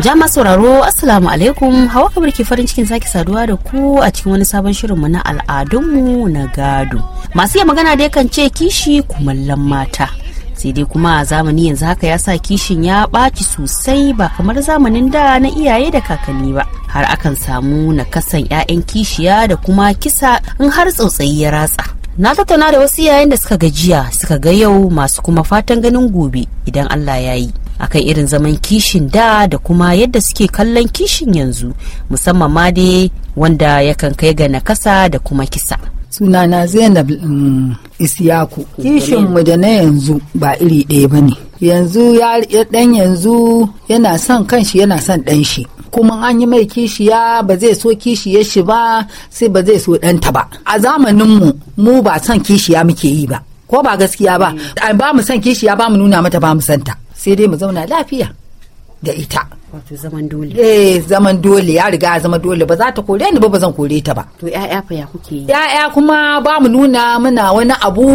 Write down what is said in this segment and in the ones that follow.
jama sauraro assalamu alaikum hawa kabar ke farin cikin sake saduwa da ku a cikin wani sabon shirinmu na al'adunmu na gado masu iya magana da yakan ce kishi kumallon mata sai dai kuma a zamani yanzu haka ya sa kishin ya ɓaci sosai ba kamar zamanin da na iyaye da kakanni ba har akan samu nakasan 'ya'yan kishiya da kuma kisa in har tsautsayi ya ratsa na tattauna da wasu yayin da suka gajiya suka ga yau masu kuma fatan ganin gobe idan allah ya yi akan irin zaman kishin da da kuma yadda suke kallon kishin yanzu musamman ma dai wanda yakan kai ga nakasa da kuma kisa sunana zainab um, isiyaku kishinmu da na yanzu ba iri ɗaya ba ne yanzu ɗan yanzu yana son kanshi yana son ɗan shi kuma an yi mai kishiya ba zai so kishiyar shi ba sai ba zai so ɗanta ba a zamaninmu mu ba son kishiya muke yi ba ko ba gaskiya ba ba mu son kishiya ba mu nuna mata ba mu santa sai dai mu zauna lafiya da ita wato zaman dole eh zaman dole ya riga zama dole ba za ta kore ni ba ba zan kore ta ba to ƴaƴa fa ya kuke yi ƴaƴa kuma ba mu nuna muna wani abu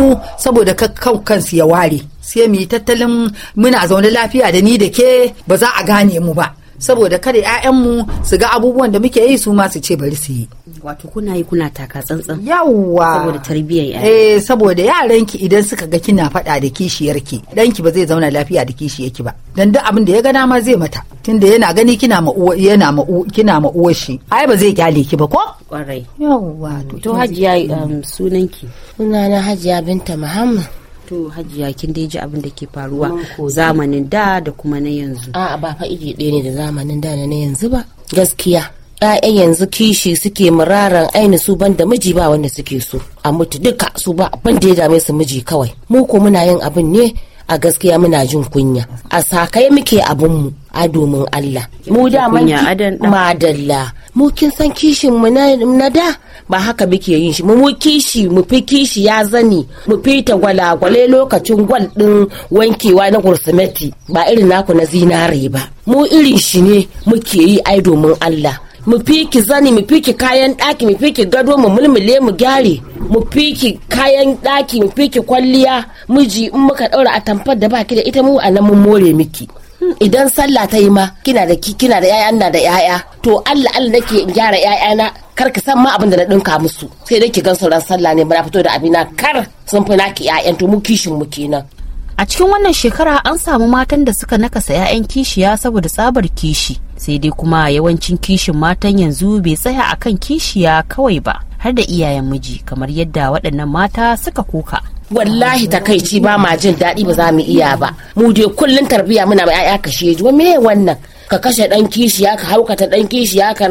saboda kan kansu ya ware sai mu yi tattalin muna zaune lafiya da ni da ke ba za a gane mu ba saboda kada 'ya'yanmu su ga abubuwan da muke yi su ma su ce bari su yi wato kuna yi kuna taka tsantsan yawwa saboda tarbiyyar yara eh saboda yaranki idan suka ga kina faɗa da kishiyarki danki ba zai zauna lafiya da kishiyarki ba dan duk abin da ya gana ma zai mata tunda yana gani kina ma yana ma kina ma uwar shi ai ba zai kyale ki ba ko kwarai yawwa to hajiya um, sunanki sunana hajiya binta muhammad to hajiya kin dai ji abin da ke faruwa zamanin da da kuma na yanzu a'a ba fa ɗaya ne da zamanin da na yanzu ba gaskiya 'ya'ya yanzu kishi suke muraran aini su banda miji ba wanda suke so a mutu duka su ba abin da ya dame su miji kawai mu ko muna yin abin ne a gaskiya muna jin kunya a sakai muke abinmu a domin Allah mu da madalla mu kin san kishin mu na da ba haka muke yin shi mu kishi mu fi kishi ya zani mu fita gwalagwale lokacin gwal din wankewa na gursimeti ba irin naku na zinare ba mu irin shi ne muke yi ai domin Allah mu fiki zani mu fiki kayan daki mu fiki gado mu mulmule mu gyare mu fiki kayan daki mu fiki kwalliya miji in muka ɗaura a tamfar da baki da ita mu a nan mun more miki idan sallah ta yi ma kina da kina da yaya na da yaya to Allah Allah nake in gyara yaya na kar ka san ma abin da na dinka musu sai dai ki gan sauran sallah ne bana fito da abina kar sun fi naki yayan to mu kishin mu kenan a cikin wannan shekara an samu matan da suka nakasa yayan kishiya saboda tsabar kishi sai dai kuma yawancin kishin matan yanzu bai tsaya a kan kishiya kawai ba har da iyayen miji kamar yadda waɗannan mata suka kuka wallahi takaici ba ma jin daɗi ba za mu iya ba mu dai kullun tarbiya muna mai ƴaƴa kashe ji wa me wannan ka kashe dan kishiya ka haukata dan kishiya ka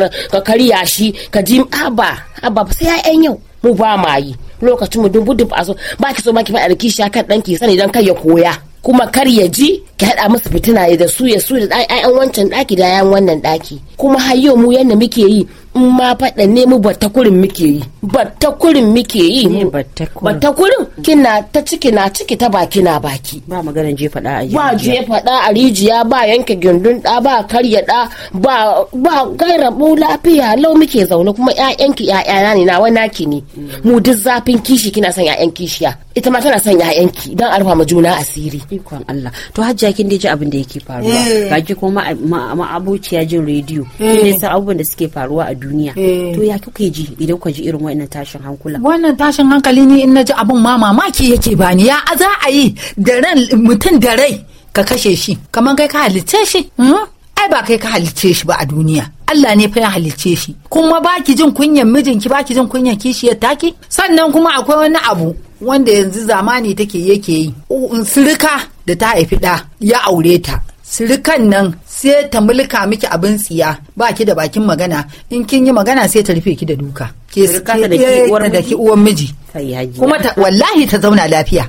karya shi ka ji aba haba sai yayan yau mu ba ma yi lokacin mu dubu dubu a so ba ki so ma ki faɗa da kishiya kan ɗan ki sani dan kai ya koya kuma kar ya ji ki haɗa musu fitina da su ya su da ɗan wancan ɗaki da yan wannan ɗaki kuma har yau mu yadda muke yi in ma faɗa ne mu batta kurin muke yi batta kurin muke yi mu batta kurin kina ta ciki na ciki ta baki na baki ba maganar je faɗa a rijiya ba je faɗa a rijiya ba yanke gindin ɗa ba karya ɗa ba ba gaira mu lafiya lau muke zaune kuma ƴaƴanki ƴaƴana ne nawa naki ne mu duk zafin kishi kina son ƴaƴan kishiya ita ma tana son ƴaƴanki dan a rufa ma juna asiri ikon Allah to hajjia kin dai ji abin da yake faruwa eh. ga ki kuma ma'abuciya jin rediyo kin sa abubuwan da suke faruwa a duniya duniya eh. to ya kuke ji idan ku ji irin wannan tashin hankula wannan tashin hankali ne in naji abun ma mamaki yake bani ya za a yi da ran mutum da rai ka kashe shi kamar kai ka halicce shi hmm? ai ba kai ka halicce shi ba a duniya Allah ne fa ya halicce shi kuma baki jin kunyan mijinki baki jin kunyan kishiyar taki sannan kuma akwai wani abu wanda yanzu zamani take yake yi sirika da ta haifi ɗa ya aure ta sirikan nan sai ta mulka miki abin tsiya ba ki da bakin magana in kin yi magana sai ta rufe ki da duka ke da ki uwan miji kuma wallahi ta zauna lafiya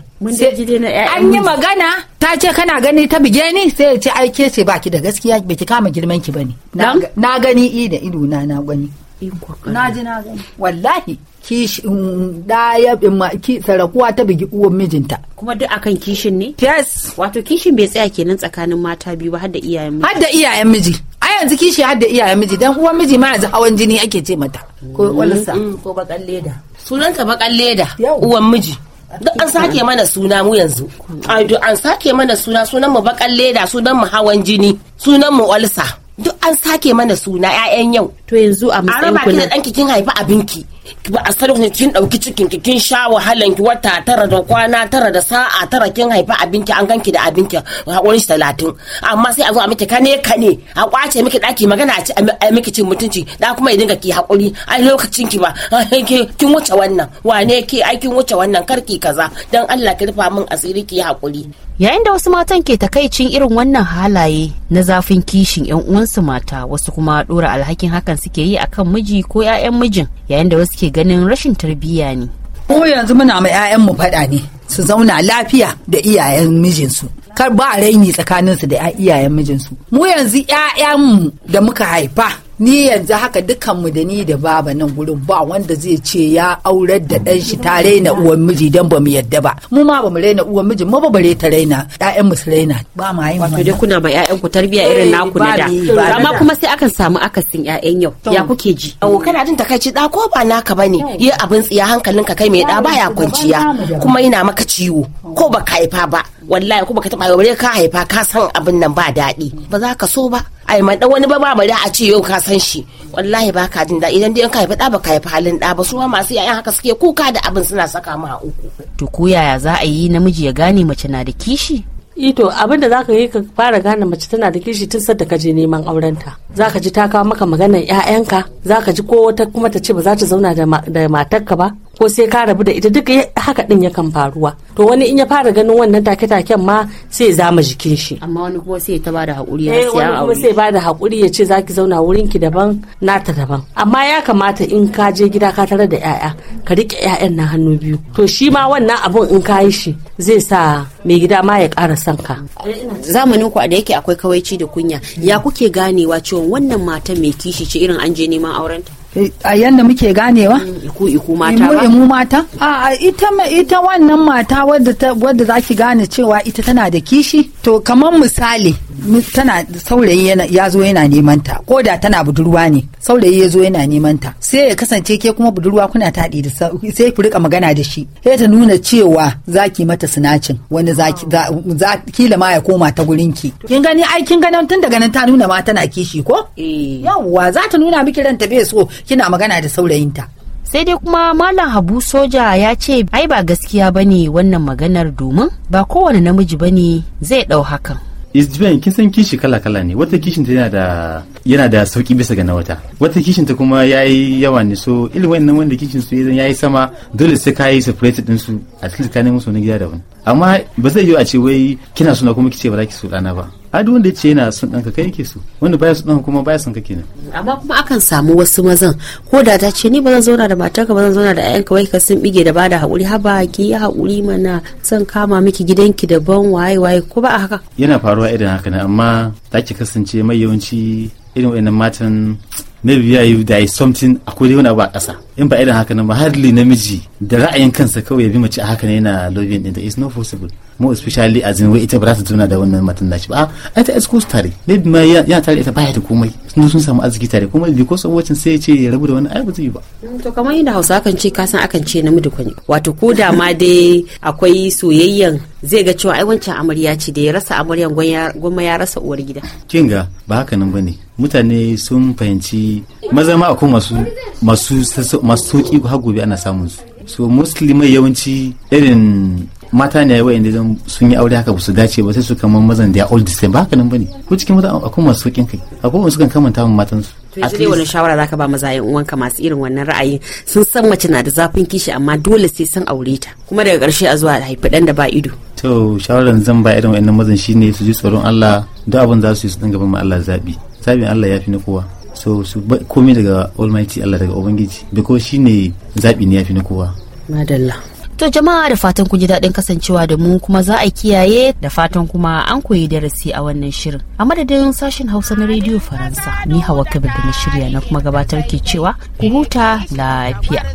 an yi magana ta ce kana gani ta bige ni sai ya ce ai ke ce baki da gaskiya ki kama girman ki bane na gani i eh, da ido na na gani na ji na gani wallahi kishi mm, da ya sarakuwa ta bigi uwan mijinta kuma duk akan kishin ne yes wato kishin bai tsaya kenan tsakanin mata biyu ba har da iyayen miji har da iyayen miji a yanzu kishi har da iyayen miji dan uwan miji ma yanzu hawan jini ake ce mata ko mm. walsa mm, ko bakan leda sunanta bakan leda uwan miji duk an sake mana suna mu yanzu an sake mana suna sunan mu bakan leda sunan mu hawan jini sunan mu walsa duk an sake mana suna 'ya'yan yau to yanzu a matsayin ku da danki kin haifi abinki ba a sani ne kin dauki cikin ki kin sha wahalan ki wata tara da kwana tara da sa'a tara kin haifa abinki an ganki da abinki hakuri shi talatin amma sai a zo a miki kane kane a kwace miki daki magana a ci a miki cin mutunci da kuma ya dinga ki hakuri ai lokacin ki ba kin wuce wannan wane ke ai kin wuce wannan karki kaza dan Allah ki rufa min asiri ki hakuri yayin da wasu matan ke takaicin irin wannan halaye na zafin kishin yan uwansu mata wasu kuma dora alhakin hakan suke yi akan miji ko 'ya'yan mijin yayin da wasu ke ganin rashin tarbiyya ne ko yanzu muna ma 'ya'yanmu faɗa ne su zauna lafiya da iyayen mijinsu kar ba raini tsakaninsu da iyayen mijinsu mu yanzu yayan mu da muka haifa ni yanzu haka dukanmu da ni da baba nan gurin ba wanda zai ce ya aurar da ɗanshi shi ta raina uwan miji dan ba mu yadda ba mu ma ba mu raina uwan miji mu ba bare ta raina ƴaƴan mu su raina ba ma yin wato dai kuna ba ƴaƴan ku tarbiya irin eh, naku na da amma kuma sai akan samu akasin ƴaƴan yau ya kuke ji awo kana jin takaici da ko ba naka bane yi abin tsiya hankalinka kai mai da baya kwanciya kuma yana maka ciwo ko baka haifa ba wallahi ko baka taba bare ka haifa ka san abin nan ba daɗi ba za ka so ba ai man dan wani ba ba bari a ce yau ka san shi wallahi ba ka jin daɗi idan dai ka haifi ɗa ba ka haifi halin ɗa ba su ma masu yayan haka suke kuka da abin suna saka mu a uku to ko yaya za a yi namiji ya gane mace na da kishi ito abin da zaka yi ka fara gane mace tana da kishi tun sadda ka je neman aurenta zaka ji ta kawo maka maganar ƴaƴanka zaka ji ko wata kuma ta ce ba za ta zauna da matarka ba ko sai ka rabu da ita duk haka din yakan faruwa to wani in ya fara ganin wannan take taken ma sai zama jikin shi amma wani kuma sai ta bada hakuri eh, ya ce wani kuma sai bada hakuri ya ce zaki zauna wurin ki daban na ta daban amma ya kamata in ka je gida ka tare da yaya ka rike yayan na hannu biyu to shi ma wannan abun in ka yi shi zai sa mai gida ma ya ƙara son ka eh, zamanin ku da yake akwai kawaici da kunya ya kuke ganewa cewa wannan mata mai kishi ce irin an je neman aurenta a yanda muke ganewa iku a ita ita wannan mata wadda za ki zaki gane cewa ita tana da kishi to kamar misali tana saurayi ya zo yana neman ta ko da tana budurwa ne saurayi ya zo yana neman ta sai ya kasance ke kuma budurwa kuna taɗi da sai ku rika magana da shi sai ta nuna cewa zaki mata sinacin Wani zaki za ma ya koma ta gurin ki kin gani ai kin ganin tun daga nan ta nuna ma tana kishi ko eh. yawwa za ta nuna miki ranta bai so kina magana da saurayinta sai dai kuma malam habu soja ya ce ai ba gaskiya ba ne wannan maganar domin ba kowane namiji ba ne zai dau hakan isbiyan kin san kishi kala kala ne wata kishin ta yana da sauki bisa ga na wata wata kishin ta kuma yayi yawa ne so ilimin nan wanda kishin su yi sama dole sai kayi separate din su a cikin tsakanin musu na gida wani. amma ba zai yi a ce wai kina suna kuma kice ba za ki so ɗana ba a duk wanda ce yana son ɗanka kai yake so wanda baya son kuma baya son ka kenan amma kuma akan samu wasu mazan ko da ta ce ni ba zan zauna da matarka ba zan zauna da ƴaƴanka wai ka sun bige da bada haƙuri haba ki yi haƙuri mana zan kama miki gidanki daban waye waye ko ba a haka yana faruwa irin haka ne amma ta ki kasance mai yawanci irin wayannan matan maybe ya yi da yi something akwai wani abu a ƙasa in ba irin haka nan ba hardly namiji da ra'ayin kansa kawai ya bi mace a haka ne yana loving din is not possible mu especially a zin ita ba za ta zauna da wannan matan nashi ba a ta excuse su tare ne ma ya tare ita baya da komai sun sun samu arziki tare kuma liko of wacin sai ya ce ya rabu da wannan ai ba zai yi ba to kamar yadda Hausa kan ce ka san akan ce namiji kwani wato ko da ma dai akwai soyayyen zai ga cewa ai wancan amarya ce da ya rasa amaryan gwamma ya rasa uwar gida kin ga ba haka nan bane mutane sun fahimci maza ma akwai masu masu masu soki har gobe ana samun su so mai yawanci irin mata ne yawa inda sun yi aure haka ba su dace ba sai su kamar mazan da ya old system ba haka nan bane ko cikin maza akwai masu sokin kai akwai masu kan kamanta mu matan su to cikin wani shawara zaka ba maza yan uwanka masu irin wannan ra'ayi sun san mace na da zafin kishi amma dole sai sun aure ta kuma daga karshe a zuwa haifi dan da ba ido to shawaran zan ba irin wannan mazan shine su ji tsoron Allah duk abin za su yi su dinga bin Allah zabi zabin Allah ya fi na kowa so su komai daga almighty Allah daga ubangiji because shine zabi ne ya fi na kowa madalla To jama'a da fatan kun ji daɗin kasancewa da mu kuma za a kiyaye da fatan kuma an koyi darasi a wannan shirin. A madadin sashen Hausa na Radio Faransa ni Hawa Kabir da na shirya na kuma gabatar ke cewa ku huta lafiya.